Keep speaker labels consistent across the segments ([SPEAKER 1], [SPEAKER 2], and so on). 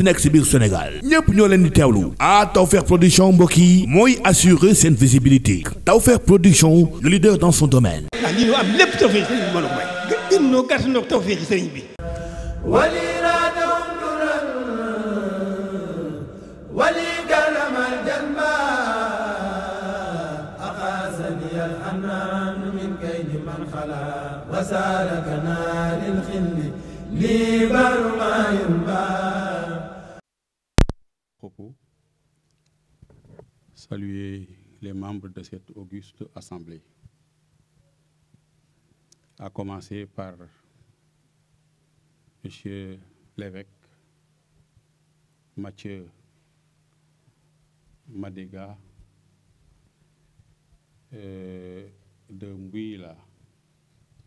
[SPEAKER 1] munti nekk si biir Sénégal ñépp ñoo leen di teewlu ah Tawfekh production mbokk yi mooy assurer seen visibilité Tawfekh production le leader dans son domaine. ah lii ñu am lépp Tawfekh sëriñ bi mën a may. gën ñoo gàtt ñoo Tawfekh sëriñ bi.
[SPEAKER 2] وسالكنا للخل لي برما ينبغي
[SPEAKER 3] saluer les membres de cette auguste assemblée, à commencer par Monsieur l'évêque Mathieu Madega euh, de Mbouila,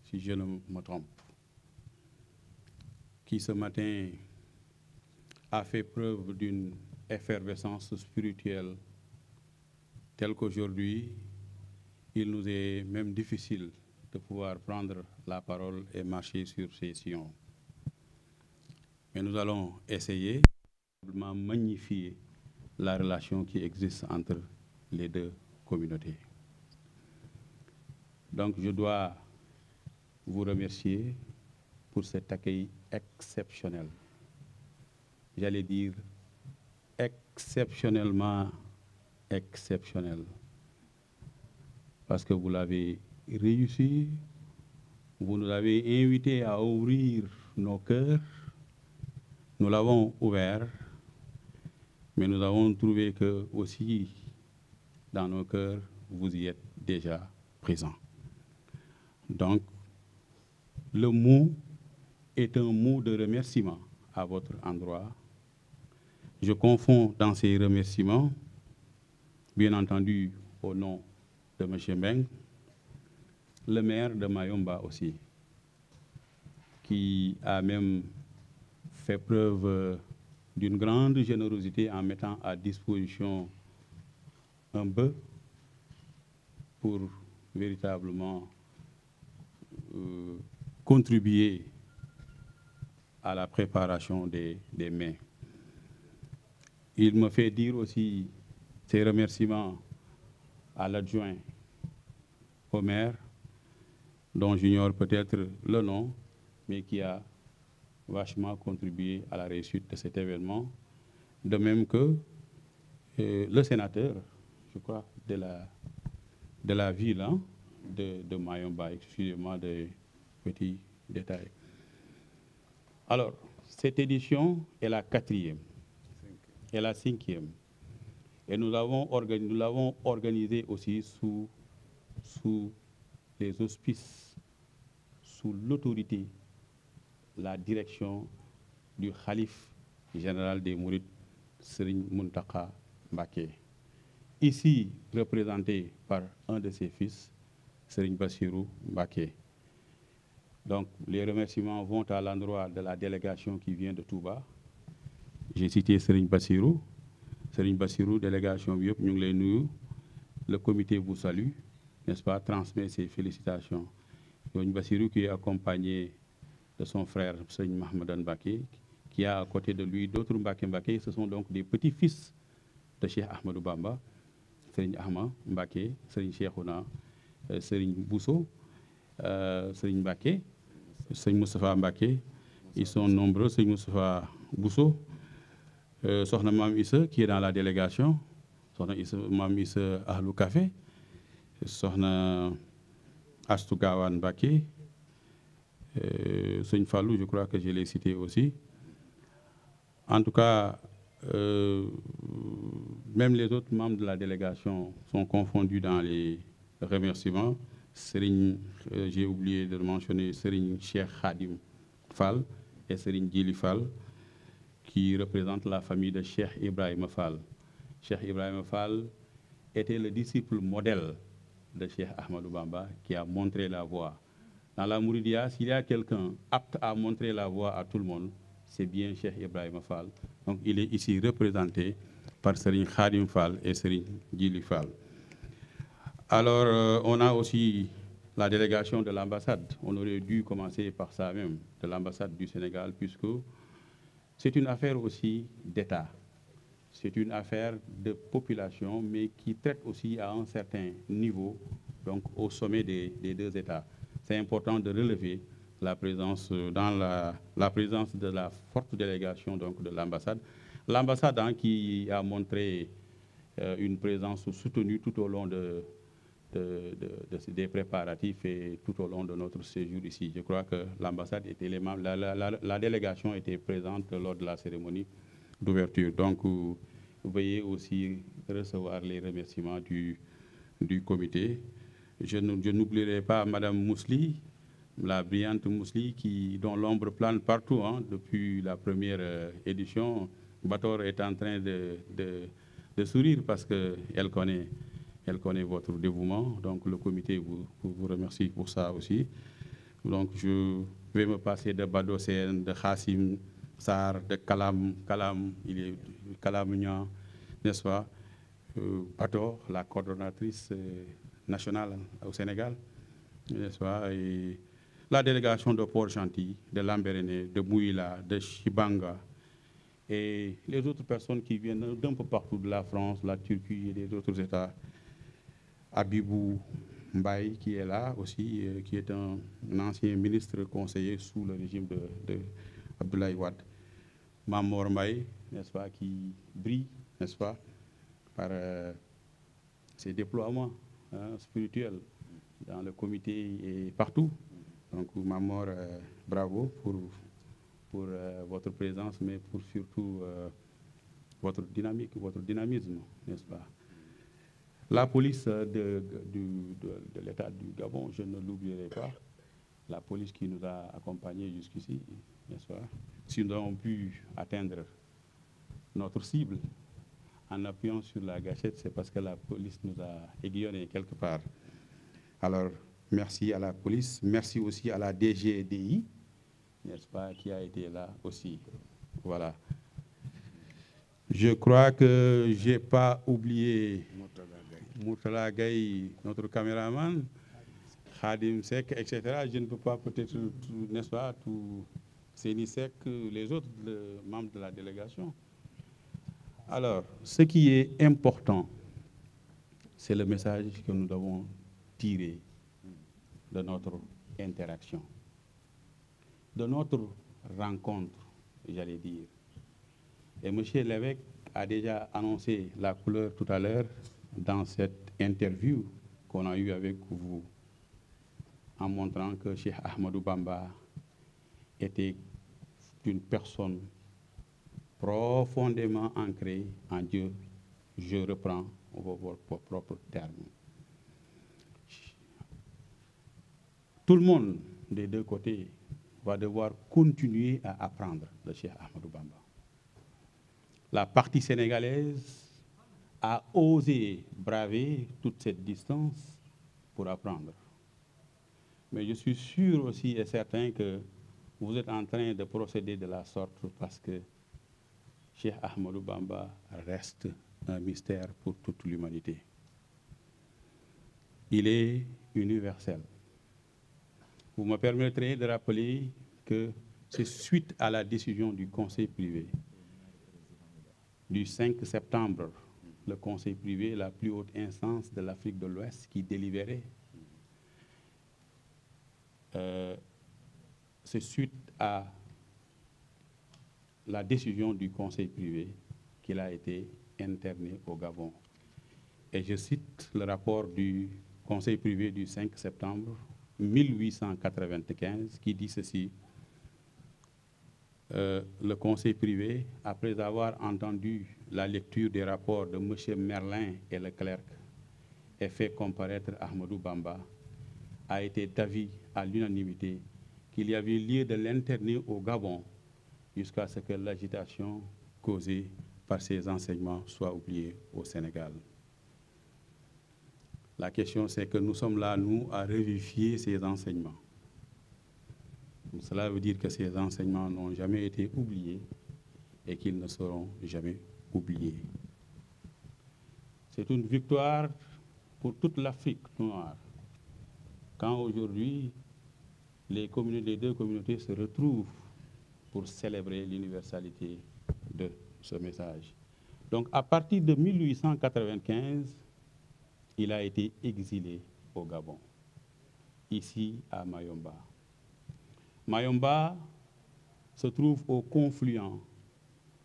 [SPEAKER 3] si je ne me trompe, qui ce matin a fait preuve d'une effervescence spirituelle tel qu'aujourd'hui, il nous est même difficile de pouvoir prendre la parole et marcher sur ces sillons. Mais nous allons essayer de magnifier la relation qui existe entre les deux communautés. Donc je dois vous remercier pour cet accueil exceptionnel. J'allais dire exceptionnellement exceptionnel. Parce que vous l'avez réussi, vous nous avez invité à ouvrir nos cœurs. Nous l'avons ouvert, mais nous avons trouvé que aussi dans nos cœurs, vous y êtes déjà présents. Donc, le mot est un mot de remerciement à votre endroit. Je confonds dans ces remerciements bien entendu au nom de monsieur le maire de Mayomba aussi qui a même fait preuve d'une grande générosité en mettant à disposition un bœuf pour véritablement euh, contribuer à la préparation des des mets. Il me fait dire Ces remerciements à l'adjoint au maire, dont j'ignore peut-être le nom, mais qui a vachement contribué à la réussite de cet événement. De même que euh, le sénateur, je de la, de la ville de, de Mayomba, excusez-moi des petits détails. Alors, cette édition est la quatrième et la cinquième. Et nous l'avons organisé, organisé aussi sous, sous les auspices, sous l'autorité, la direction du Khalif général des Mourides, Serigne Muntaka Mbake. Ici représenté par un de ses fils, Serigne Bassirou Mbake. Donc les remerciements vont à l'endroit de la délégation qui vient de Touba. J'ai cité Serigne Bassirou, Serigne Bassirou délégation bi yëpp ñu ngi lay nuyu le comité bu salue n'est-ce pas transmet ses félicitations Serigne Bassirou qui est accompagné de son frère Serigne Mahmadan Mbacké qui a à côté de lui d'autres Mbacké Mbacké ce sont donc des petits-fils de Cheikh Ahmadou Bamba Serigne Ahma Mbacké Serigne Cheikhouna euh, Serigne Bousso euh, Serigne Mbacké Serigne Moustapha Mbacké ils sont nombreux Serigne Moustapha Bousso Euh, soxna maam Issa qui est dans la délégation soxna Issa maam Issa Ahlou Café soxna Astou Gawane Mbacké euh, Sëñ Fallou je crois que je l'ai cité aussi en tout cas euh, même les autres membres de la délégation sont confondus dans les remerciements Serigne euh, j'ai oublié de mentionner Serigne Cheikh Khadim Fall et Serigne Djili Fall qui représente la famille de Cheikh Ibrahim Fall. Cheikh Ibrahim Fall était le disciple modèle de Cheikh Ahmadou Bamba qui a montré la voie. Dans la Mouridia, s'il y a quelqu'un apte à montrer la voie à tout le monde, c'est bien Cheikh Ibrahim fal Donc il est ici représenté par Serigne Khadim Fall et Serigne Djili Fall. Alors, euh, on a aussi la délégation de l'ambassade. On aurait dû commencer par ça même, de l'ambassade du Sénégal, C'est une affaire aussi d'État. C'est une affaire de population, mais qui traite aussi à un certain niveau, donc au sommet des, des deux États. C'est important de relever la présence, euh, dans la, la, présence de la forte délégation donc, de l'ambassade. L'ambassade hein, qui a montré euh, une présence soutenue tout au long de, de, de, des préparatifs et tout au long de notre séjour ici. Je crois que l'ambassade était les membres, la, la, la, la, délégation était présente lors de la cérémonie d'ouverture. Donc, vous aussi recevoir les remerciements du, du comité. Je n'oublierai pas Madame Mousli, la brillante Mousli, qui, dont l'ombre plane partout hein, depuis la première euh, édition. Bator est en train de, de, de sourire parce qu'elle connaît elle connaît votre dévouement. Donc le comité vous, vous remercie pour ça aussi. Donc je vais me passer de Badocène, de Khassim, Sar, de Kalam, Kalam, il est Kalam nest pas euh, Pato, la coordonnatrice euh, nationale au Sénégal, nest pas Et la délégation de Port-Gentil, de Lambérené, de Mouila, de Chibanga, et les autres personnes qui viennent d'un peu partout de la France, la Turquie et des autres États Abibou Mbaye qui est là aussi euh, qui est un, ancien ministre conseiller sous le régime de de Abdoulaye Wade Mamor Mbaye n'est-ce pas qui brille n'est-ce pas par euh, ses déploiements spirituels dans le comité et partout donc Mamor euh, bravo pour pour euh, votre présence mais pour surtout euh, votre dynamique votre dynamisme n'est-ce pas La police euh, de, de, de, de l'État du Gabon, je ne l'oublierai pas, la police qui nous a accompagnés jusqu'ici, n'est-ce pas Si nous avons pu atteindre notre cible en appuyant sur la gâchette, c'est parce que la police nous a aiguillonnés quelque part. Alors, merci à la police, merci aussi à la DGDI, n'est-ce pas, qui a été là aussi. Voilà. Je crois que je n'ai pas oublié Mourtala Gaye, notre caméraman, Khadim Sek, etc. Je ne peux pas peut-être, n'est-ce pas, tout Sek, les autres le, membres de la délégation. Alors, ce qui est important, c'est le message que nous devons tirer de notre interaction, de notre rencontre, j'allais dire. Et M. l'évêque a déjà annoncé la couleur tout à l'heure dans cette interview qu'on a eue avec vous, en montrant que Cheikh Ahmadou Bamba était une personne profondément ancrée en Dieu. Je reprends vos propres termes. Tout le monde des deux côtés va devoir continuer à apprendre le Cheikh Ahmadou Bamba. La partie sénégalaise a osé braver toute cette distance pour apprendre. Mais je suis sûr aussi et certain que vous êtes en train de procéder de la sorte parce que Cheikh Ahmadou Bamba reste un mystère pour toute l'humanité. Il est universel. Vous me permettrez de rappeler que c'est suite à la décision du Conseil privé du 5 septembre le conseil privé, la plus haute instance de l'Afrique de l'Ouest qui délibérait. Euh, C'est suite à la décision du conseil privé qu'il a été interné au Gabon. Et le rapport du conseil privé du 5 septembre 1895 qui dit ceci. Euh, le conseil privé, après avoir entendu la lecture des rapports de M. Merlin et Leclerc et fait comparaître Ahmadou Bamba, a été d'avis à l'unanimité qu'il y avait lieu de l'interner au Gabon jusqu'à ce que l'agitation causée par ces enseignements soit oubliée au Sénégal. La question, c'est que nous sommes là, nous, à revivifier ces enseignements. Donc, cela veut dire que ces enseignements n'ont jamais été oubliés et qu'ils ne seront jamais oublié. C'est une victoire pour toute l'Afrique noire. Quand aujourd'hui, les, les, deux communautés se retrouvent pour célébrer l'universalité de ce message. Donc à partir de 1895, il a été exilé au Gabon, ici à Mayomba. Mayomba se trouve au confluent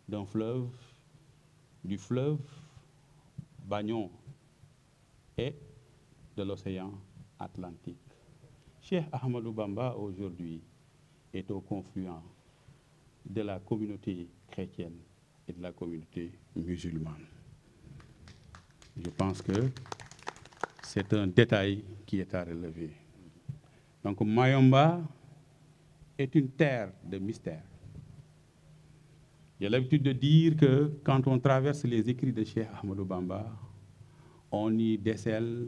[SPEAKER 3] d'un fleuve du fleuve Bagnon et de l'océan Atlantique. Cheikh Ahmadou Bamba aujourd'hui est au confluent de la communauté chrétienne et de la communauté musulmane. Je pense que c'est un détail qui est à relever. Donc Mayomba est une terre de mystère. J'ai l'habitude de dire que quand on traverse les écrits de Cheikh Ahmadou Bamba, on y décèle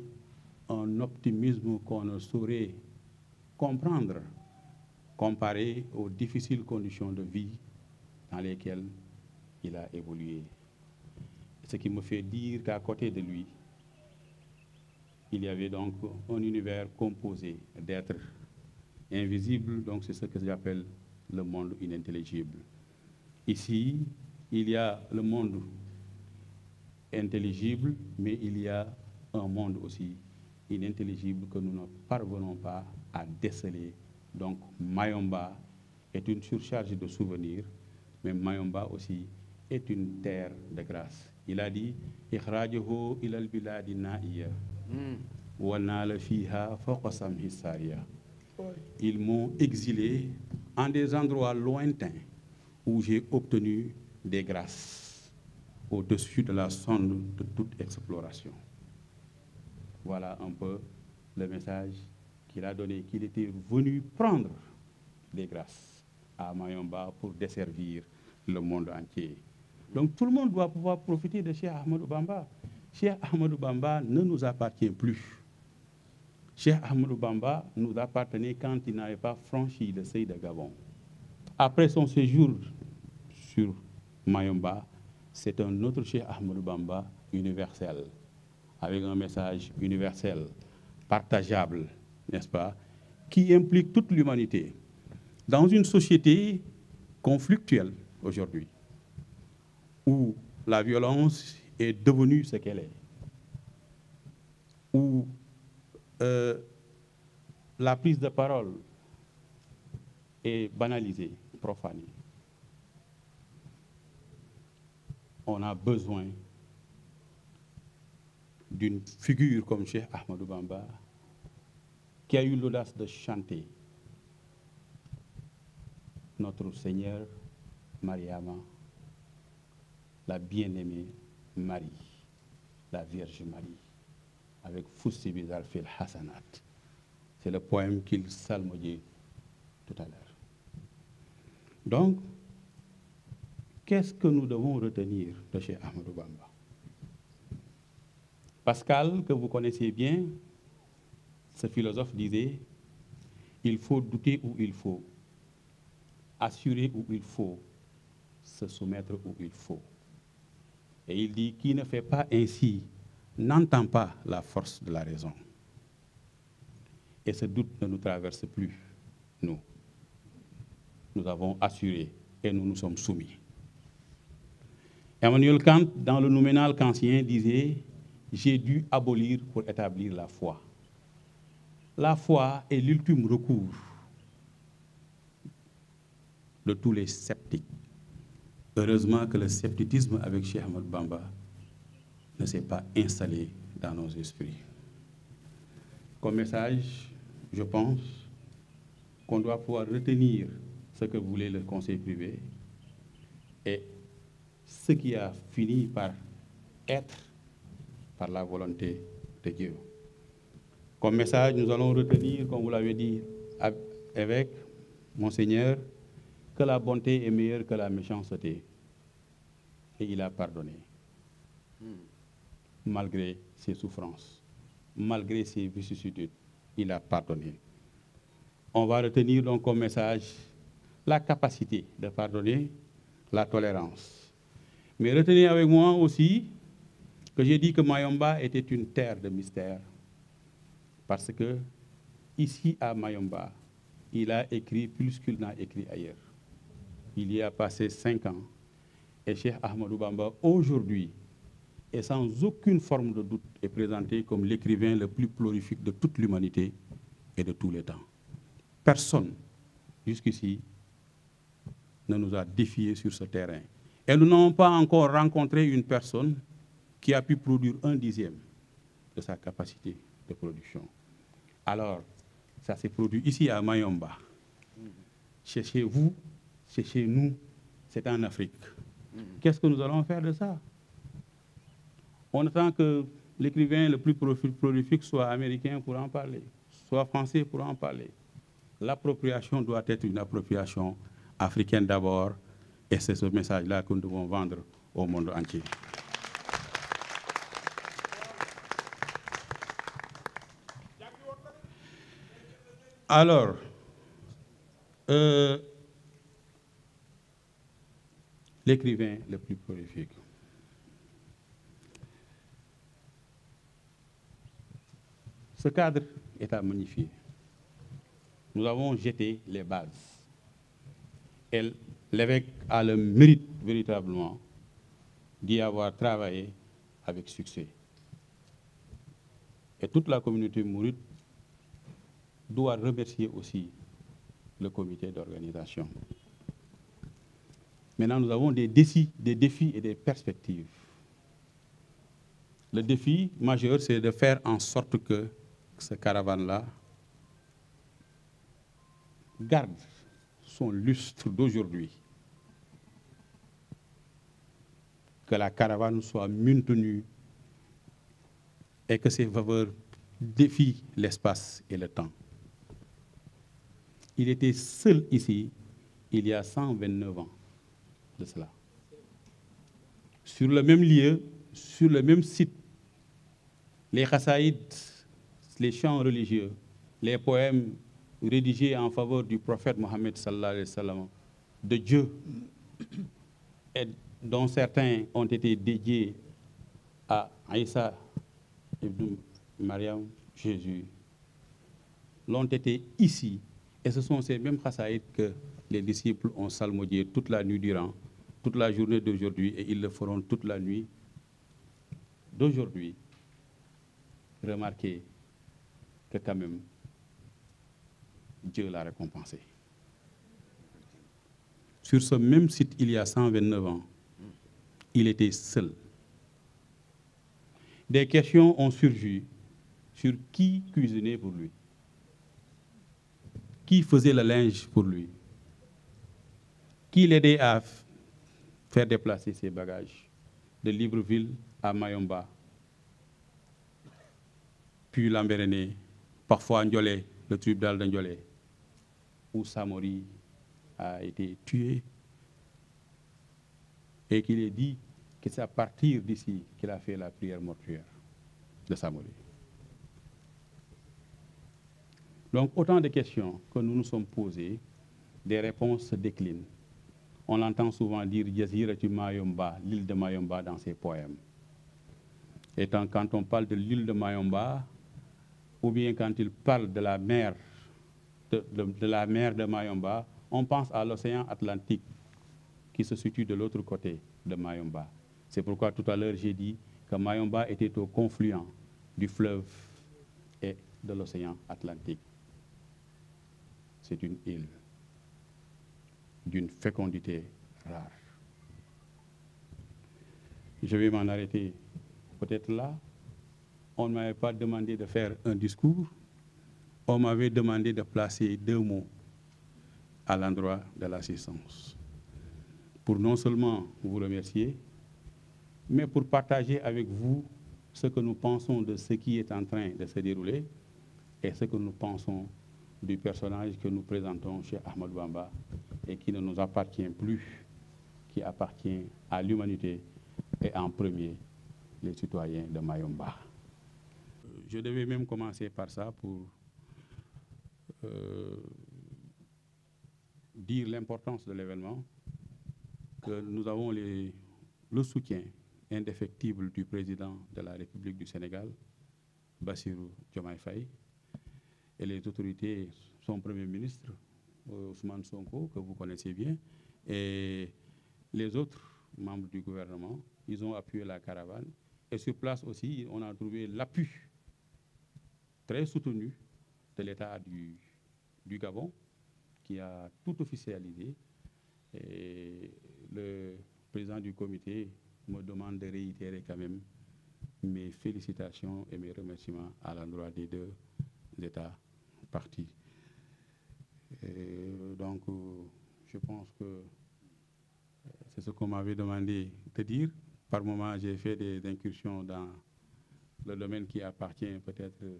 [SPEAKER 3] un optimisme qu'on ne saurait comprendre comparé aux difficiles conditions de vie dans lesquelles il a évolué. Ce qui me fait dire qu'à côté de lui, il y avait donc un univers composé d'êtres invisibles, donc c'est ce que j'appelle le monde inintelligible. Ici, il y a le monde intelligible, mais il y a un monde aussi inintelligible que nous ne parvenons pas à déceler. Donc Mayomba est une surcharge de souvenirs, mais Mayomba aussi est une terre de grâce. Il a dit Ikhrajuhu ilal biladi na'iya hmm. wa nala fiha fawqa Ils m'ont exilé en des endroits lointains où j'ai obtenu des grâces au-dessus de la sonde de toute exploration. Voilà un peu le message qu'il a donné, qu'il était venu prendre des grâces à Mayomba pour desservir le monde entier. Donc tout le monde doit pouvoir profiter de Cheikh Ahmadou Bamba. Cheikh Ahmadou Bamba ne nous appartient plus. Cheikh Ahmadou Bamba nous appartenait quand il n'avait pas franchi le seuil de Gabon. Après son séjour sur Mayomba, c'est un autre Cheikh Ahmadou Bamba universel, avec un message universel, partageable, n'est-ce pas, qui implique toute l'humanité. Dans une société conflictuelle aujourd'hui, où la violence est devenue ce qu'elle est, où euh, la prise de parole est banalisé, profané. On a besoin d'une figure comme Cheikh Ahmadou Bamba qui a eu l'audace de chanter notre Seigneur Mariama, la bien Marie, la Vierge Marie, avec Foussibizal Fil Hassanat. C'est le poème qu'il salmodiait tout à l'heure. Donc, qu'est-ce que nous devons retenir de chez Ahmadou Bamba Pascal, que vous connaissez bien, ce philosophe disait, il faut douter où il faut, assurer où il faut, se soumettre où il faut. Et il dit, qui ne fait pas ainsi n'entend pas la force de la raison. Et ce doute ne nous traverse plus, nous. nous avons assuré et nous nous sommes soumis. Emmanuel Kant, dans le nominal kantien, disait J'ai dû abolir pour établir la foi. La foi est l'ultime recours de tous les sceptiques. Heureusement que le scepticisme avec Cheikh Ahmed Bamba ne s'est pas installé dans nos esprits. Comme message, je pense qu'on doit pouvoir retenir ce que voulait le conseil privé et ce qui a fini par être par la volonté de Dieu. Comme message, nous allons retenir, comme vous l'avez dit, évêque, monseigneur, que la bonté est meilleure que la méchanceté. Et il a pardonné, hmm. malgré ses souffrances, malgré ses vicissitudes, il a pardonné. On va retenir donc comme message la capacité de pardonner, la tolérance. Mais retenez avec moi aussi que j'ai dit que Mayomba était une terre de mystère. Parce que ici à Mayomba, il a écrit plus qu'il n'a écrit ailleurs. Il y a passé cinq ans. Et Cheikh Ahmadou Bamba, aujourd'hui, et sans aucune forme de doute, est présenté comme l'écrivain le plus prolifique de toute l'humanité et de tous les temps. Personne, jusqu'ici, ne nous a défiés sur ce terrain. Et nous n'avons pas encore rencontré une personne qui a pu produire un dixième de sa capacité de production. Alors, ça s'est produit ici à Mayomba. C'est chez vous, c'est chez nous, c'est en Afrique. Qu'est-ce que nous allons faire de ça On attend que l'écrivain le plus prolifique soit américain pour en parler, soit français pour en parler. L'appropriation doit être une appropriation africaine d'abord, et c'est ce message-là que nous devons vendre au monde entier. Euh, l'écrivain le plus prolifique. Ce cadre est à magnifier. Nous avons jeté les bases. Et l'évêque a le mérite véritablement d'y avoir travaillé avec succès. Et toute la communauté mouride doit remercier aussi le comité d'organisation. Maintenant, nous avons des défis, des et des perspectives. Le défi majeur, c'est de faire en sorte que ce caravane-là garde son lustre d'aujourd'hui, que la caravane soit maintenue et que ses faveurs défient l'espace et le temps. Il était seul ici il y a 129 ans de cela. Sur le même lieu, sur le même site, les chassaïdes, les chants religieux, les poèmes rédigé en faveur du prophète Mohammed sallallahu alayhi wa de Dieu, et dont certains ont été dédiés à Aïssa ibn Mariam, Jésus, l'ont été ici. Et ce sont ces mêmes chassaïdes que les disciples ont salmodié toute la nuit durant, toute la journée d'aujourd'hui, et ils le feront toute la nuit d'aujourd'hui. Remarquez quand même, Dieu l'a récompensé. Sur ce même site, il y a 129 ans, il était seul. Des questions ont surgi sur qui cuisinait pour lui, qui faisait le linge pour lui, qui l'aidait à faire déplacer ses bagages de Libreville à Mayomba, puis Lambérené, parfois Ndiolé, le tribunal de Ndiolé. où Samori a été tué et qu'il est dit que c'est à partir d'ici qu'il a fait la prière mortuaire de Samori. Donc autant de questions que nous nous sommes posées, des réponses se déclinent. On entend souvent dire Yaziratu Mayomba, l'île de Mayomba dans ses poèmes. Et quand on parle de l'île de Mayomba, ou bien quand il parle de la mer de, la mer de Mayomba, on pense à l'océan Atlantique qui se situe de l'autre côté de Mayomba. C'est pourquoi tout à l'heure j'ai dit que Mayomba était au confluent du fleuve et de l'océan Atlantique. C'est une île d'une fécondité rare. Je vais m'en arrêter peut-être là. On ne m'avait pas demandé de faire un discours. on m'avait demandé de placer deux mots à l'endroit de l'assistance. Pour non seulement vous remercier, mais pour partager avec vous ce que nous pensons de ce qui est en train de se dérouler et ce que nous pensons du personnage que nous présentons chez Ahmad Bamba et qui ne nous appartient plus, qui appartient à l'humanité et en premier les citoyens de Mayomba. Je devais même commencer par ça pour Euh, dire l'importance de l'événement, que nous avons le soutien indéfectible du président de la République du Sénégal, Bassirou Diomaye Faye, et les autorités, son premier ministre, euh, Ousmane Sonko, que vous connaissez bien, et les autres membres du gouvernement, ils ont appuyé la caravane. Et sur place aussi, on a trouvé l'appui très soutenu de l'État du du Gabon qui a tout officialisé. Et le président du comité me demande de réitérer quand même mes félicitations et mes remerciements à l'endroit des deux États partis. Et donc, euh, je pense que euh, c'est ce qu'on m'avait demandé de dire. Par moment, j'ai fait des incursions dans le domaine qui appartient peut-être, euh,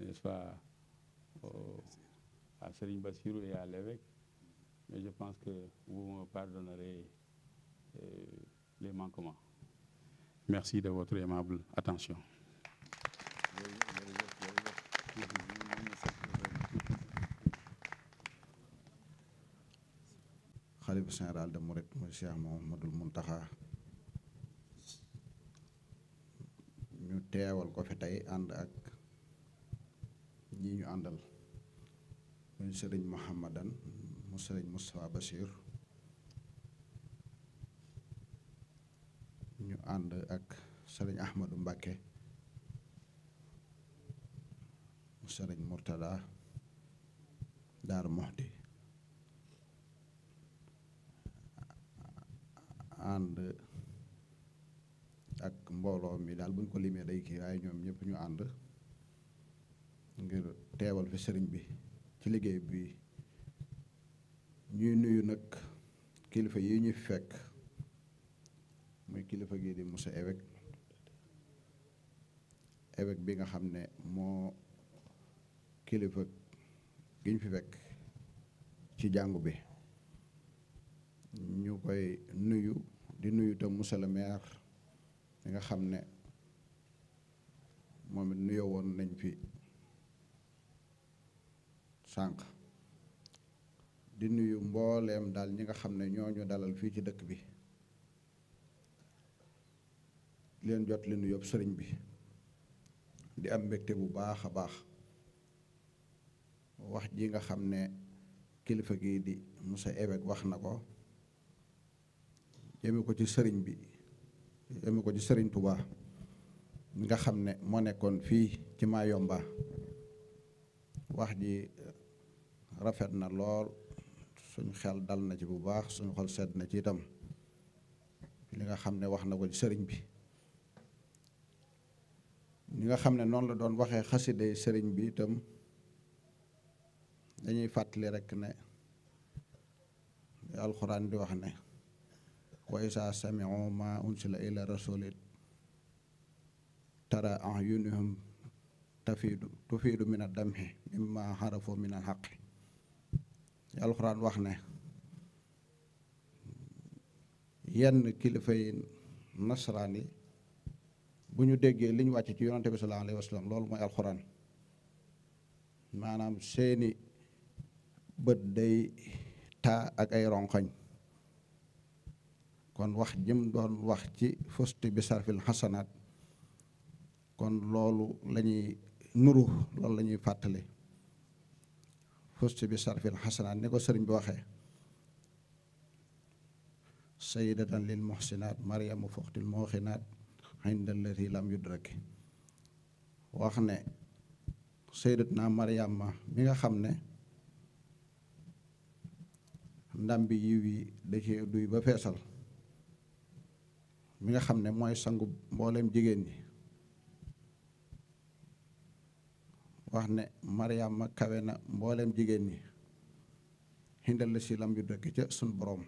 [SPEAKER 3] n'est-ce pas, au, euh, à Serigne Bassirou et à l'évêque. Mais je pense que vous me pardonnerez euh, attention.
[SPEAKER 4] xalifa général de Mouride ñu teewal ko fi ànd ak ñi ñu àndal muy sëriñ Mouhamadan mu sëriñ Moustapha Bachir ñu ànd ak sëriñ Ahmadou Mbacké mu sëriñ Mourtada Daaru Muxti ànd ak mbooloo mi daal buñ ko limee day kii waaye ñoom ñëpp ñu ànd ngir teewal fi sëriñ bi ci liggéey bi ñuy nuyu nag kilifa yi ñu fekk muy kilifa gi di monsieur évêque évêque bi nga xam ne moo kilifa gi ñu fi fekk ci jàngu bi ñu koy nuyu di nuyu tam monsieur le maire bi nga xam ne moom it nuyoo woon nañ fi sànq di nuyu mbooleem daal ñi nga xam ne ñoo ñu dalal fii ci dëkk bi leen jot li nuyoo sëriñ bi di am mbégte bu baax a baax wax ji nga xam ne kilifa gi di Moussa Évêque wax na ko jëme ko ci sëriñ bi jëme ko ci sëriñ Touba nga xam ne moo nekkoon fii ci Mayomba wax ji rafet na lool suñu xel dal na ci bu baax suñ xol sedd na ci itam li nga xam ne wax na ko ci sëriñ bi li nga xam ne noonu la doon waxee xasida yi sëriñ bi itam dañuy fàttali rekk ne alxuraan di wax ne wa isa samiu ma unsila ila rasulit tara ahyunuhum tafiidu tufiidu min a damxi mimma xarafoo min al xaqi alxuraan wax ne yenn kilifa yi yi bu ñu déggee li ñu wàcc ci yonante bi sallallahu alayhi wa loolu mooy alxuraan maanaam seeni bët day taa ak ay ronkoñ kon wax jëm doon wax ci fosti bi sarfil xasanaat kon loolu lañuy nuru loolu lañuy fàttale xustu bi sarfin xasanaan ni ko sëriñ boo waxee sayidatan lil muxsinaat maryamu foxtil mooxinaat inda alladi lam yudrak wax ne sayidatna maryama mi nga xam ne ndam bi yiw yi da ci duy ba feesal mi nga xam ne mooy sangu mboolem jigéen ñi wax ne Mariama kawe na mboolem jigéen ñi hindal la si lam ju dëkk ca sun borom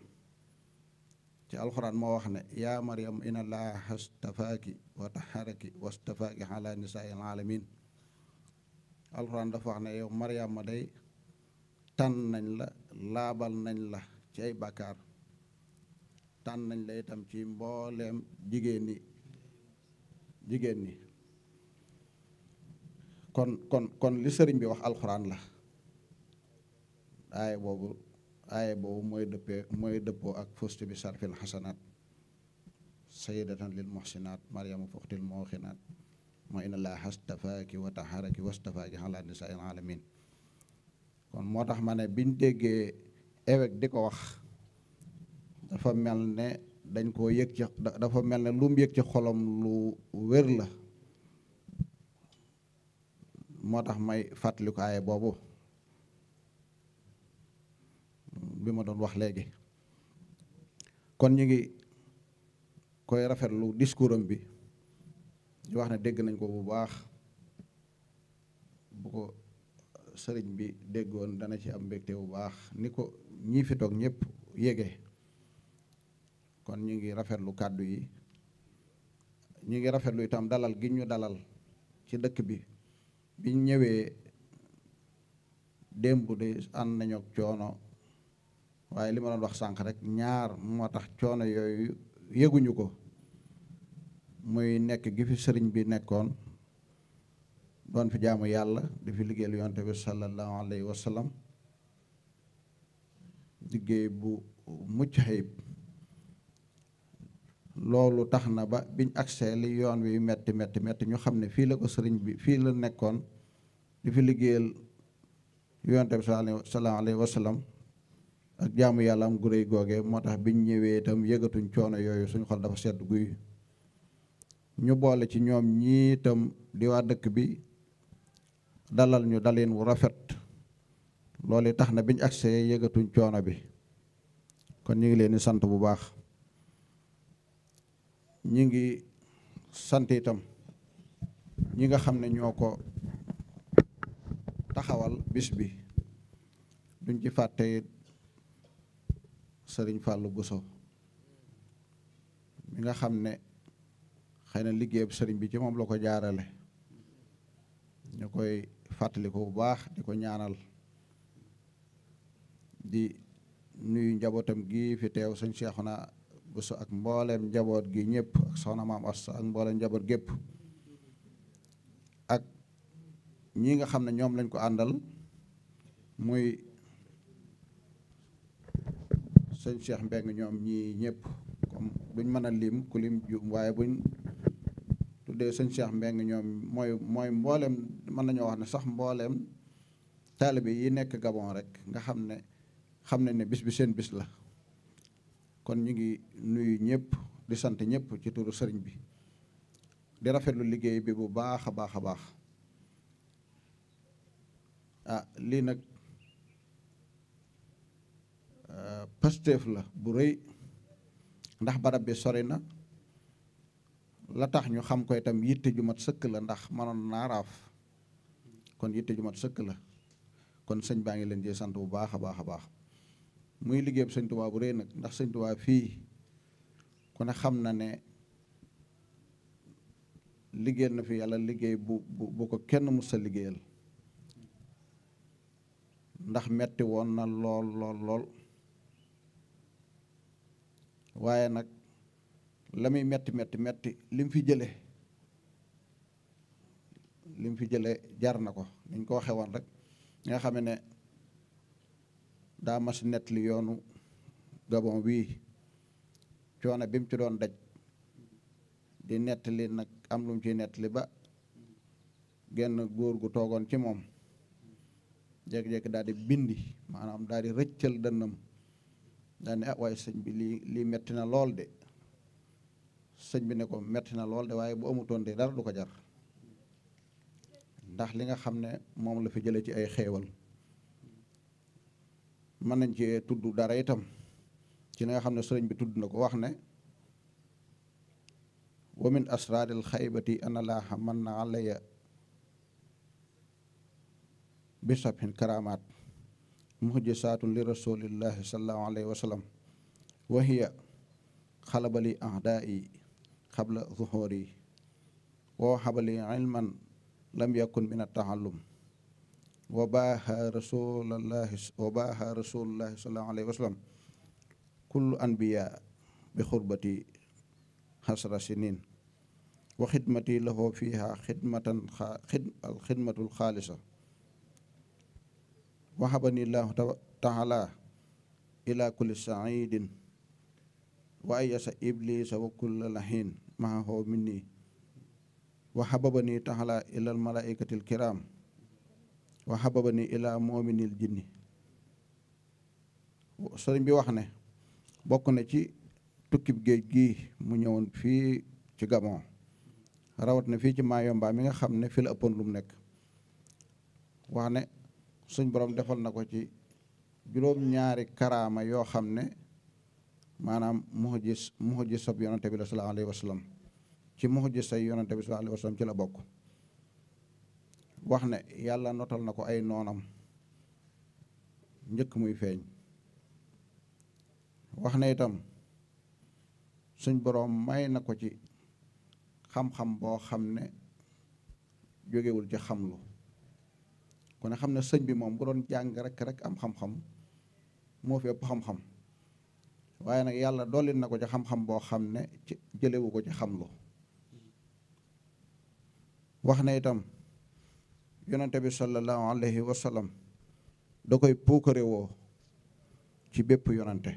[SPEAKER 4] ci alxuraan moo wax ne yaa Mariam inna laaha stafaaki wa taharaki wa stafaaki ala nisaa'il alamin alxuraan dafa wax ne yow Mariama day tànn nañ la laabal nañ la ci ay bàkkaar tànn nañ la itam ci mbooleem jigéen ñi jigéen ñi kon kon kon li sëriñ bi wax alxuraan la aaye boobu aaye boobu mooy dëppee mooy dëppo ak fustu bi sarfil xasanaat sayidatan lil muxsinaat mariama fuxtil mooxinaat ma inna laaha stafaaki wa taharaki wastafaaki ala nisaa'il alamin kon moo tax ma ne biñ déggee évêque di ko wax dafa mel ne dañ koo yëg ci dafa mel ne lu mu yëg ci xolom lu wér la moo tax may fàttaliku aaye boobu bi ma doon wax léegi kon ñu ngi koy rafetlu discours am bi di wax ne dégg nañ ko bu baax bu ko sëriñ bi déggoon dana ci am mbégte bu baax ni ko ñii fi toog ñëpp yége kon ñu ngi rafetlu kàddu yi ñu ngi rafetlu itam dalal gi ñu dalal ci dëkk bi biñ ñëwee démb de ànd nañu coono waaye li ma doon wax sànq rek ñaar moo tax coono yooyu yëguñu ko muy nekk gi fi sëriñ bi nekkoon doon fi jaamu yàlla di fi liggéeyal yonte bi sallallahu alayhi wa liggéey bu mucc xayib loolu tax na ba biñ agsee li yoon wi metti metti metti ñu xam ne fii la ko sëriñ bi fii la nekkoon li fi liggéeyal yonent bi sallallahu alayhi wa ak jaamu yàlla am guréy googe moo tax biñ ñëwee itam yëgatuñ coono yooyu suñ xol dafa sedd guy ñu boole ci ñoom ñii tam di waa dëkk bi dalal ñu dalin wu rafet loolu tax na biñ agsee yëgatuñ coono bi kon ñu ngi leen sant bu baax ñu ngi sant itam ñi nga xam ne ñoo ko taxawal bis bi duñ ci fàtte sëriñ Fàllu Buso mi nga xam ne xëy na liggéeyab sëriñ bi ci moom la ko jaarale ñu koy fàttaliku bu baax di ko ñaanal di nuyu njabootam gi fi teew sëñ Seexuna Buso ak mbooleem njaboot gi ñëpp ak soxna maam Asta ak mbooleem njaboot gépp ñi nga xam ne ñoom lañ ko àndal muy sëñ Cheikh Mbeng ñoom ñii ñëpp comme duñ mën a lim ku lim juum waaye buñ tuddee sëñ Cheikh Mbeng ñoom mooy mooy mbooleem mën nañoo wax ne sax mbooleem taalibe yi nekk Gabon rek nga xam ne xam ne ne bis bi seen bis la kon ñu ngi nuyu ñëpp di sant ñëpp ci turu sëriñ bi di rafetlu liggéey bi bu baax a baax a baax Ah, lii nag ah, Pastef la bu rëy ndax barab bi sori na la tax ñu xam ko itam yitte ju mat sëkk la ndax ma naa raaf kon yitte ju mat sëkk la kon sëñ baa ngi leen jee sant bu baax a baax a baax muy liggéeyam sëñ Tuubaa bu rëy nag ndax sëñ Tuubaa fii ku ne xam na ne liggéeyal na fi yàlla liggéey bu bu ko kenn mus sa liggéeyal ndax metti woon na lool lool lool waaye nag la muy metti metti metti lim fi jële lim fi jële jar na ko niñ ko waxe woon rek nga xam ne daa mas nett yoonu Gabon wii coono bi mu ci doon daj di nettali nag am lu mu nettali ba genn góor gu toogoon ci moom jékki-jékki daal di bindi maanaam daal di rëccal dënnam daal ne ah waaye sëñ bi lii lii metti na lool de sëñ bi ne ko metti na lool de waaye boo amutoon de dara du ko jar ndax li nga xam ne moom la fi jële ci ay xeewal mën nañ ci tudd dara itam ci li nga xam ne sëriñ bi tudd na ko wax ne wa min asraaril xaybati ana laaha man na alaya bisabhin karamaat muhjisaatun li rasulillahi sallallahu alayhi wa sallam wa hiya xalabali ahdaa'i xabla zuhuri wa habali ilman lam yakun min at-ta'allum wa baaha rasulallahi wa baaha rasulullahi sallallahu alayhi wa sallam kullu anbiya bi xurbati xasra sinin wa xidmati lahu fiha xidmatan xidmatul xaalisa waxabani llahu taala ila kulli saidin wa ayasa iblisa wa kulla lahin maha hoo minni wa hababani taala ila almalaikati alkiram wa hababani ila muminil jinni sëriñ bi wax ne bokk na ci tukkib géej gii mu ñëwoon fii ci Gabon rawat na fii ci Mayomba mi nga xam ne fi la ëppoon lu mu nekk wax ne suñ borom defal na ko ci juróom-ñaari karaama yoo xam ne maanaam muhjis muhjis sab yonante bi la sallallahu alayhi wa ci muhjis say yonante bi sallallahu alayhi wa ci la bokk wax ne yàlla notal na ko ay noonam njëkk muy feeñ wax ne itam suñ boroom may na ko ci xam-xam boo xam ne jógewul ci xamlu kon xam ne sëñ bi moom bu doon jàng rek rek am xam-xam moo fi ëpp xam-xam waaye nag yàlla dolli na ko ci xam-xam boo xam ne ci jëlewu ko ci xam xamlu wax na itam yonente bi sallallahu alayhi wa sallam da koy puukare woo ci bépp yonente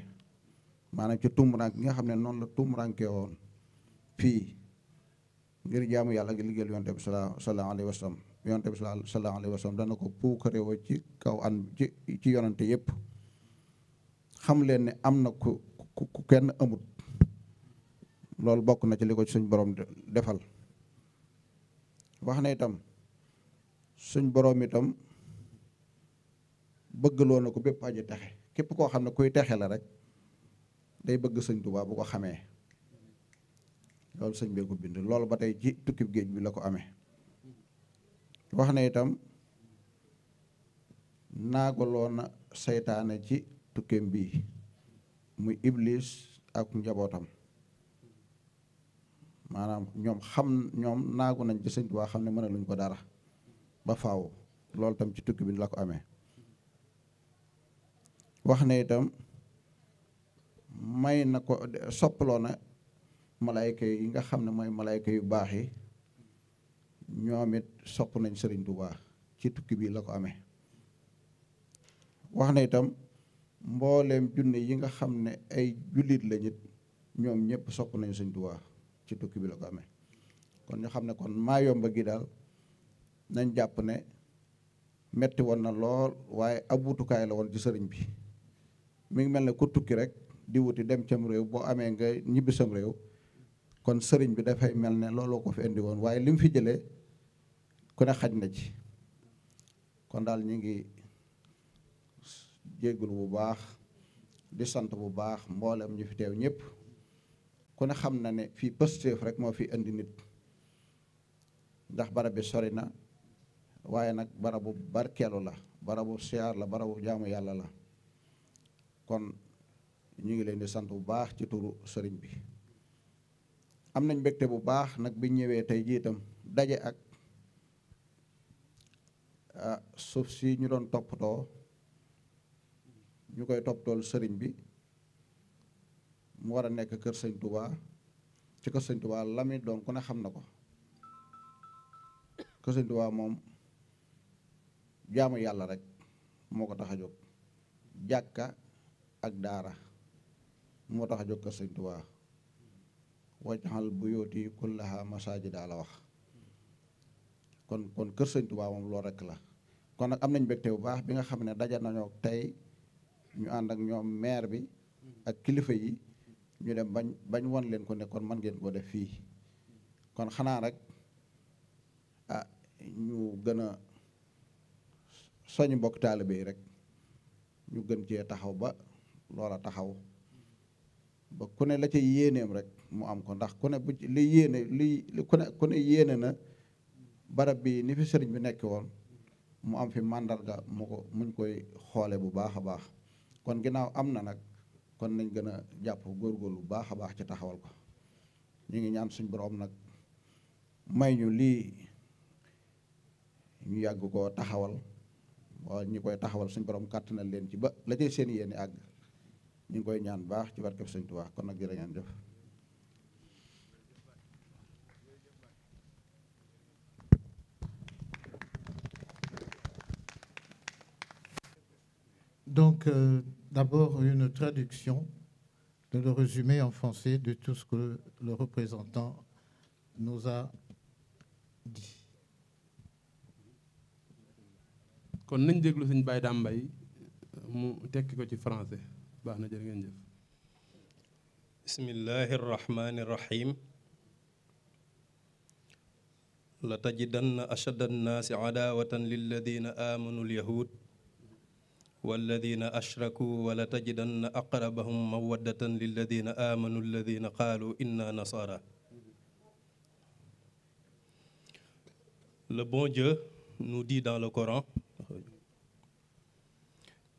[SPEAKER 4] maanaam ci tumrank gi nga xam ne noonu la tumranke woon fii ngir jaamu yàlla ngir liggéeyal yonente bi sallallahu alayhi wa sallam yonante bi sallallahu alayhi wa sallam dana ko puukarewoo ci kaw an ci ci yonante yëpp xam leen ne am na ku ku kenn amut loolu bokk na ci li ko suñ borom defal wax na itam suñ boroom itam bëgg bëggloo na ko bépp aji texe képp koo xam ne kuy texe la rek day bëgg sëñ Tuubaa bu ko xamee loolu sëñ bee ko bind loolu ba tey ci tukkib géej bi la ko amee wax na itam naagaloo na seytaane ci tukkeem bii muy iblis ak njabootam maanaam ñoom xam ñoom naagu nañ ci sëñ Tuubaa xam ne mënaluñ ko dara ba faaw loolu tam ci tukki bi la ko amee wax na itam may na ko soppaloo na malayka yi nga xam ne mooy malayka yu baax yi ñoom it sopp nañ du Touba ci tukki bii la ko amee wax na itam mboolem junne yi nga xam ne ay jullit la ñoom ñëpp sopp nañ Serigne Touba ci tukki bi la ko amee kon ñu xam ne kon maa yomba gi daal nañ jàpp ne metti woon na lool waaye ab abutukaay la woon ci sëriñ bi mi ngi mel ne ku tukki rek di wuti dem cam réew boo amee nga ñibbi sam réew kon sëriñ bi dafay mel ne looloo ko fi indi woon waaye lim fi jëlee ku ne xaj na ci kon daal ñu ngi jéggul bu baax di sant bu baax mboolem ñu fi teew ñëpp ku ne xam na ne fii Pastef rek moo fi indi nit ndax barab bi sori na waaye nag barabu barkeelu la barabu siyaar la barabu jaamu yàlla la kon ñu ngi leen di sant bu baax ci turu sëriñ bi am nañ mbégte bu baax nag bi ñëwee tey jiitam daje ak ah si ñu doon toppatoo ñu koy toppatool sëriñ bi mu war a nekk kër sëñ Touba ci kër sëñ Touba la muy doon ku ne xam na ko kër sëñ Touba moom jaamu yàlla rek moo ko tax a jóg jàkka ak daara moo tax a jóg kër sëñ Touba wajxal buyooti kullaha masaajida la wax kon kon kër sëñ Touba moom loolu rekk la kon nag am nañu mbégte bu baax bi nga xam ne daja nañoo tey ñu ànd ak ñoom maire bi ak kilifa yi ñu dem bañ bañ won leen ko ne kon mën ngeen koo def fii kon xanaa rek ah ñu gën a soñu mbokk taalibe yi rek ñu gën cee taxaw ba loola taxaw ba ku ne la ca yéeneem rek mu am ko ndax ku ne bu li yéene li ku ne ku ne yéene na barab bii ni fi sëriñ bi nekk woon mu am fi màndarga mu ko muñ koy xoole bu baax a baax kon ginnaaw am na nag kon nañ gën a jàpp góor bu baax a baax ci taxawal ko ñu ngi ñaan suñ boroom nag may ñu lii ñu yàgg koo taxawal waa ñi koy taxawal suñ borom kàttanal leen ci ba la cay seen yéene àgg ñu ngi koy ñaan baax ci barkeb Sëñ Tuubaa kon nag jërë ngeen jëf donc euh, d'abord une traduction de le résumé en français de tout ce que le représentant nous a dit.
[SPEAKER 3] kon nañ déglu sëñ Baye Dame Mbaye mu tekki ko ci
[SPEAKER 2] français baax na jërë ngeen jëf. bismillahi rrahmani rrahim. la tajidanna ashadda annaasi adaawatan lilladina aamanu alyahud walladina wala tajidanna aqrabahum mawaddatan lilladina le bon Dieu nous dit dans le Coran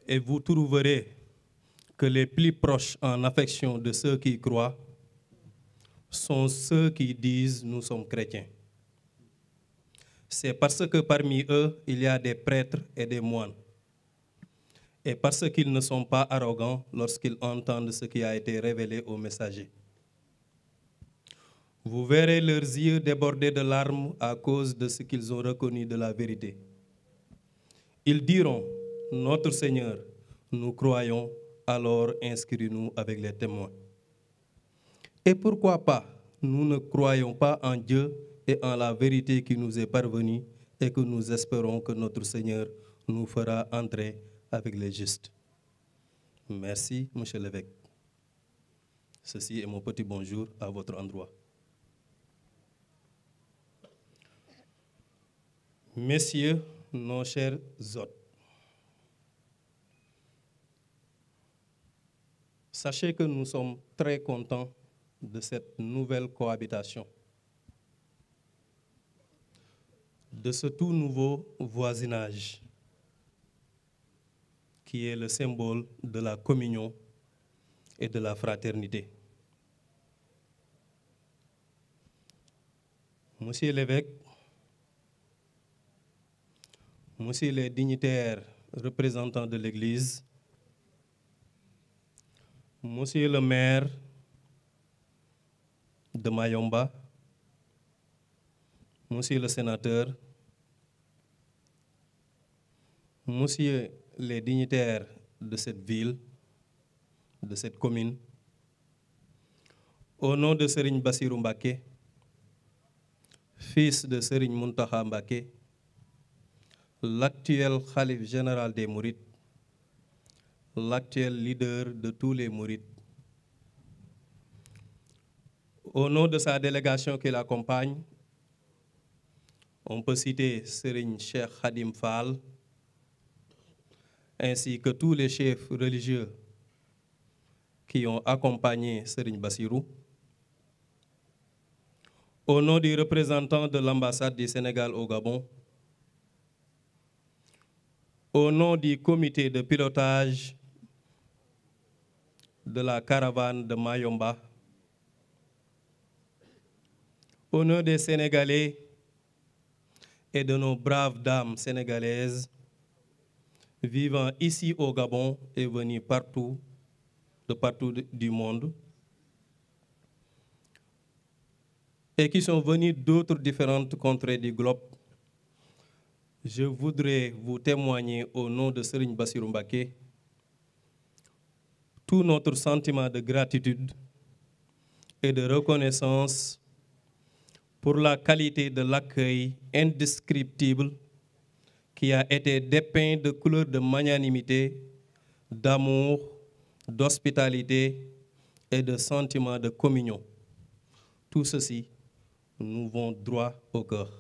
[SPEAKER 2] et vous trouverez que les plus proches en affection de ceux qui croient sont ceux qui disent nous sommes chrétiens. C'est parce que parmi eux, il y a des prêtres et des moines. et parce qu'ils ne sont pas arrogants lorsqu'ils entendent ce qui a été révélé aux messagers. Vous verrez leurs yeux débordés de larmes à cause de ce qu'ils ont reconnu de la vérité. Ils diront, Notre Seigneur, nous croyons, alors inscris-nous avec les témoins. Et pourquoi pas, nous ne croyons pas en Dieu et en la vérité qui nous est parvenue et que nous espérons que notre Seigneur nous fera entrer avec les justes. Merci, monsieur l'évêque. Ceci est mon petit bonjour à votre endroit. Messieurs, nos chers hôtes, sachez que nous sommes très contents de cette nouvelle cohabitation, de ce tout nouveau voisinage qui le symbole de la communion et de la fraternité. Monsieur l'évêque, Monsieur les dignitaires représentant de l'Église, Monsieur le maire de Mayomba, Monsieur le sénateur, Monsieur les dignitaires de cette ville, de cette commune, au nom de Serigne Bassirou Mbaké, fils de Serigne Mountakha Mbaké, l'actuel khalife général des Mourides, l'actuel leader de tous les Mourides. Au nom de sa délégation qui l'accompagne, on peut citer Serigne Cheikh Khadim Fall, ainsi que tous les chefs religieux qui ont accompagné Serigne Bassirou. Au nom du représentant de l'ambassade du Sénégal au Gabon, au nom du comité de pilotage de la caravane de Mayomba, au nom des Sénégalais et de nos braves dames sénégalaises, vivant ici au Gabon et venus partout, de partout du monde, et qui sont venus d'autres différentes contrées du globe. Je voudrais vous témoigner au nom de Serigne Bassirou Mbacké tout notre sentiment de gratitude et de reconnaissance pour la qualité de l'accueil indescriptible qui a été dépeint de couleurs de magnanimité, d'amour, d'hospitalité et de sentiments de communion. Tout ceci nous vont droit au cœur.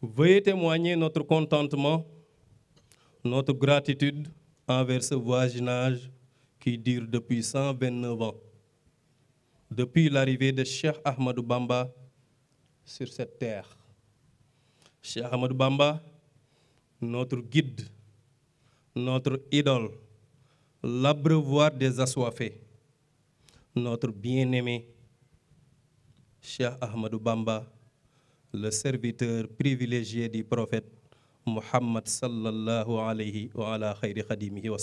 [SPEAKER 2] Veuillez témoigner notre contentement, notre gratitude envers ce voisinage qui dure depuis 129 ans, depuis l'arrivée de Cheikh Ahmadou Bamba sur cette terre. Cheikh Ahmadou Bamba, notre guide, notre idole, l'abreuvoir des assoiffés, notre bien-aimé, Cheikh Bamba, le serviteur privilégié du prophète Muhammad sallallahu alayhi wa ala khayri khadimihi wa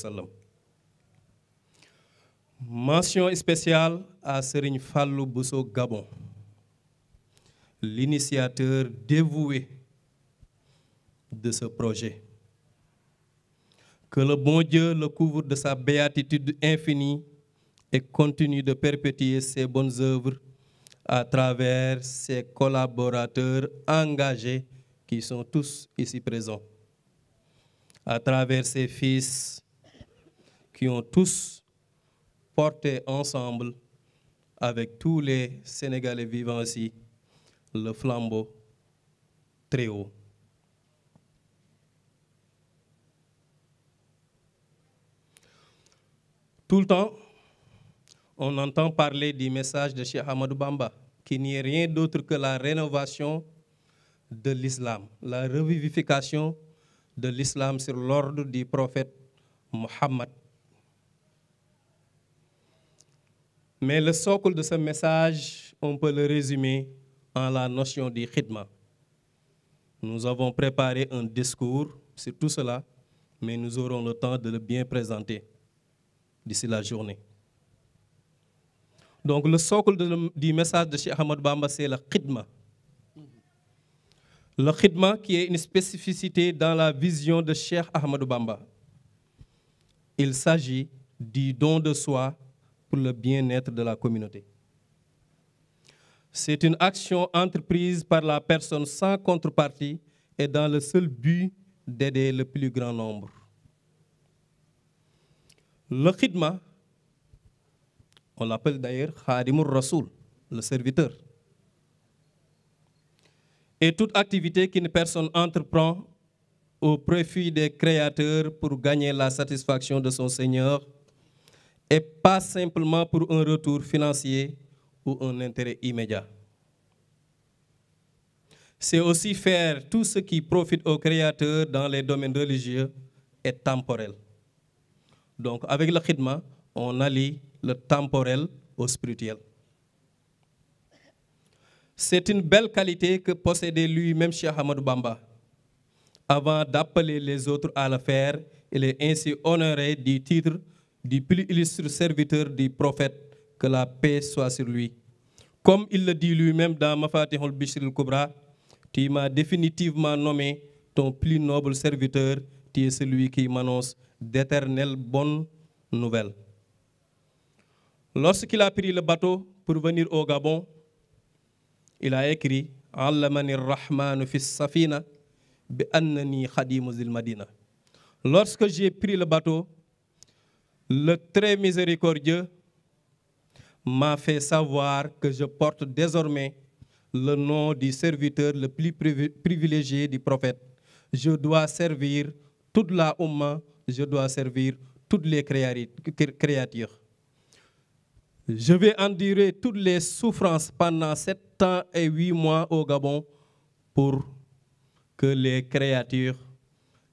[SPEAKER 2] Mention spéciale à Serigne Fallou Bousso Gabon, l'initiateur dévoué de ce projet. Que le bon Dieu le couvre de sa béatitude infinie et continue de perpétuer ses bonnes œuvres à travers ses collaborateurs engagés qui sont tous ici présents, à travers ses fils qui ont tous porté ensemble avec tous les Sénégalais vivants ici le flambeau Tout le temps, on entend parler du message de Cheikh Ahmadou Bamba, qui n'y est rien d'autre que la rénovation de l'islam, la revivification de l'islam sur l'ordre du prophète Mohammed. Mais le socle de ce message, on peut le résumer en la notion du khidma. Nous avons préparé un discours sur tout cela, mais nous aurons le temps de le bien présenter. d'ici la journée. Donc le socle de, du message de Cheikh Ahmad Bamba, c'est le khidma. Le khidma qui est une spécificité dans la vision de Cheikh Ahmad Bamba. Il s'agit du don de soi pour le bien-être de la communauté. C'est une action entreprise par la personne sans contrepartie et dans le seul but d'aider le plus grand nombre. Le khidma, on l'appelle d'ailleurs Khadimur Rasoul, le serviteur. Et toute activité qu'une personne entreprend au profit des créateurs pour gagner la satisfaction de son Seigneur et pas simplement pour un retour financier ou un intérêt immédiat. C'est aussi faire tout ce qui profite au Créateur dans les domaines religieux est temporels. Donc avec le khidma, on allie le temporel au spirituel. C'est une belle qualité que possédait lui-même Cheikh Ahmadou Bamba avant d'appeler les autres à le faire. Il est ainsi honoré du titre du plus illustre serviteur du prophète, que la paix soit sur lui. Comme il le dit lui-même dans Mafatihul Bishr al-Kubra, tu m'as définitivement nommé ton plus noble serviteur tu es celui qui m'annonce d'éternelles bonnes Lorsqu'il a pris le bateau pour venir au Gabon, il a écrit Allamani Rahman fi Safina bi annani Khadimu zil Lorsque j'ai pris le bateau, le très miséricordieux m'a fait savoir que je porte désormais le nom du serviteur le plus privilégié du prophète. Je dois servir toute la umma, je dois servir toutes les créatures. Je vais endurer toutes les souffrances pendant sept ans et huit mois au Gabon pour que les créatures,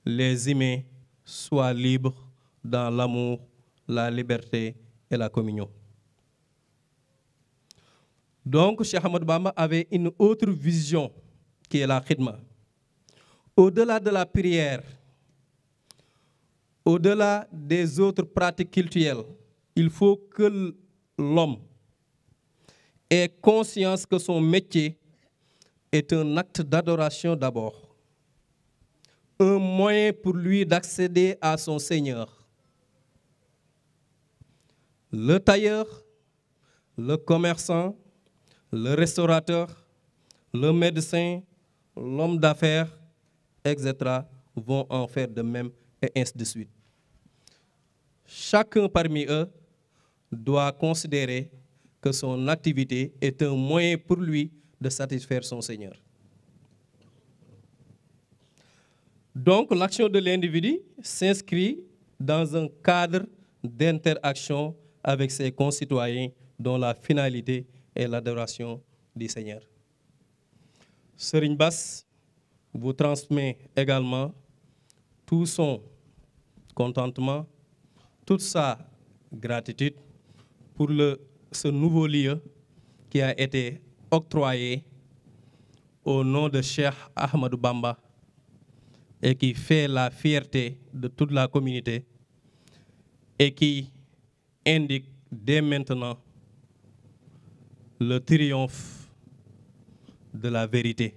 [SPEAKER 2] les humains, soient libres dans l'amour, la liberté et la communion. Donc, Cheikh Ahmad Bamba avait une autre vision qui est la khidma. Au-delà de la prière, Au-delà des autres pratiques cultuelles, il faut que l'homme ait conscience que son métier est un acte d'adoration d'abord, un moyen pour lui d'accéder à son Seigneur. Le tailleur, le commerçant, le restaurateur, le médecin, l'homme d'affaires, etc., vont en faire de même et ainsi suite. Chacun parmi eux doit considérer que son activité est un moyen pour lui de satisfaire son Seigneur. Donc l'action de l'individu s'inscrit dans un cadre d'interaction avec ses concitoyens dont la finalité est l'adoration du Seigneur. Serigne Bass vous transmet également tout son contentement toute sa gratitude pour le, ce nouveau lieu qui a été octroyé au nom de Cheikh Ahmadou Bamba et qui fait la fierté de toute la communauté et qui indique dès maintenant le triomphe de la vérité.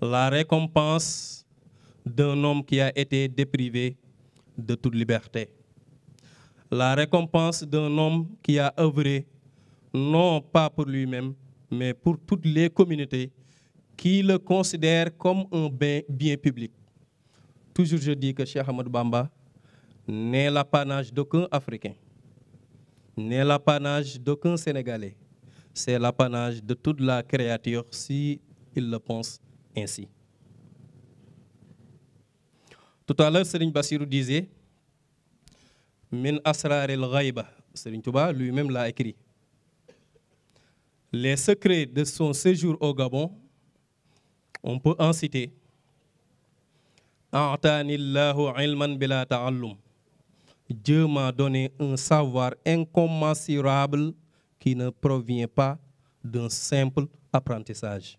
[SPEAKER 2] La récompense d'un homme qui a été déprivé de toute liberté. La récompense d'un nom qui a œuvré, non pas pour lui-même, mais pour toutes les communautés qui le considèrent comme un bien, bien public. Toujours je dis que Cheikh Ahmed Bamba n'est l'apanage d'aucun Africain, n'est l'apanage d'aucun Sénégalais. C'est l'apanage de toute la créature si il le pense ainsi. tout à l'heure Serigne Bassirou disait min asraril ghaiba Serigne Touba lui-même l'a écrit les secrets de son séjour au Gabon on peut en citer A'tanillahu ilman bila ta'allum Dieu m'a donné un savoir incommensurable qui ne provient pas d'un simple apprentissage.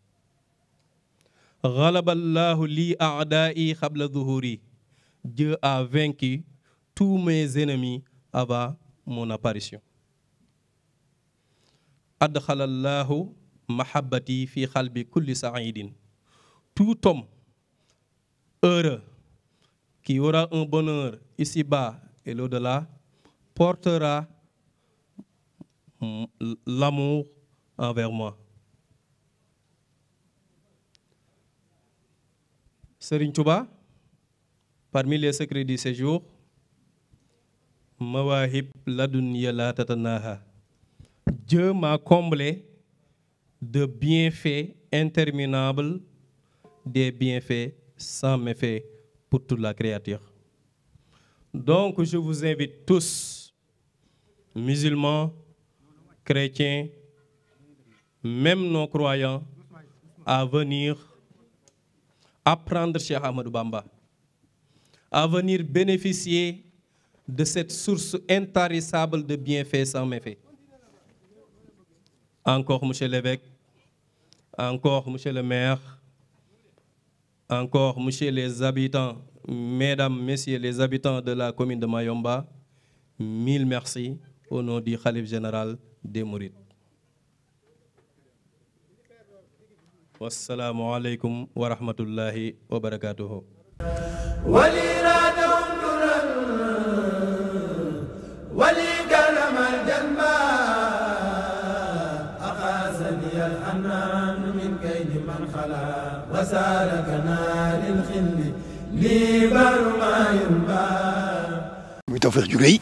[SPEAKER 2] Ghalaballahu li a'da'i qabla dhuhuri Dieu a vaincu tous mes ennemis avant mon apparition. Adkhalallahu mahabbati fi khalbi kulli sa'idin. Tout homme heureux qui aura un bonheur ici-bas et l'au-delà portera l'amour envers moi. Serigne parmi les secrets du séjour mawahib ladunya la tatanaha Dieu m'a comblé de bienfaits interminables des bienfaits sans méfait pour toute la créature donc je vous invite tous musulmans chrétiens même non croyants à venir apprendre Cheikh Ahmadou Bamba à venir bénéficier de cette source intarissable de bienfaits sans méfaits. Encore, monsieur l'évêque, encore, monsieur le maire, encore, monsieur les habitants, mesdames, messieurs de la commune de Mayomba, mille merci au nom du Khalif général des Mourides. الخلا وسالكنا للخل لي بار ما ينبا
[SPEAKER 1] muy Tawfekh jugee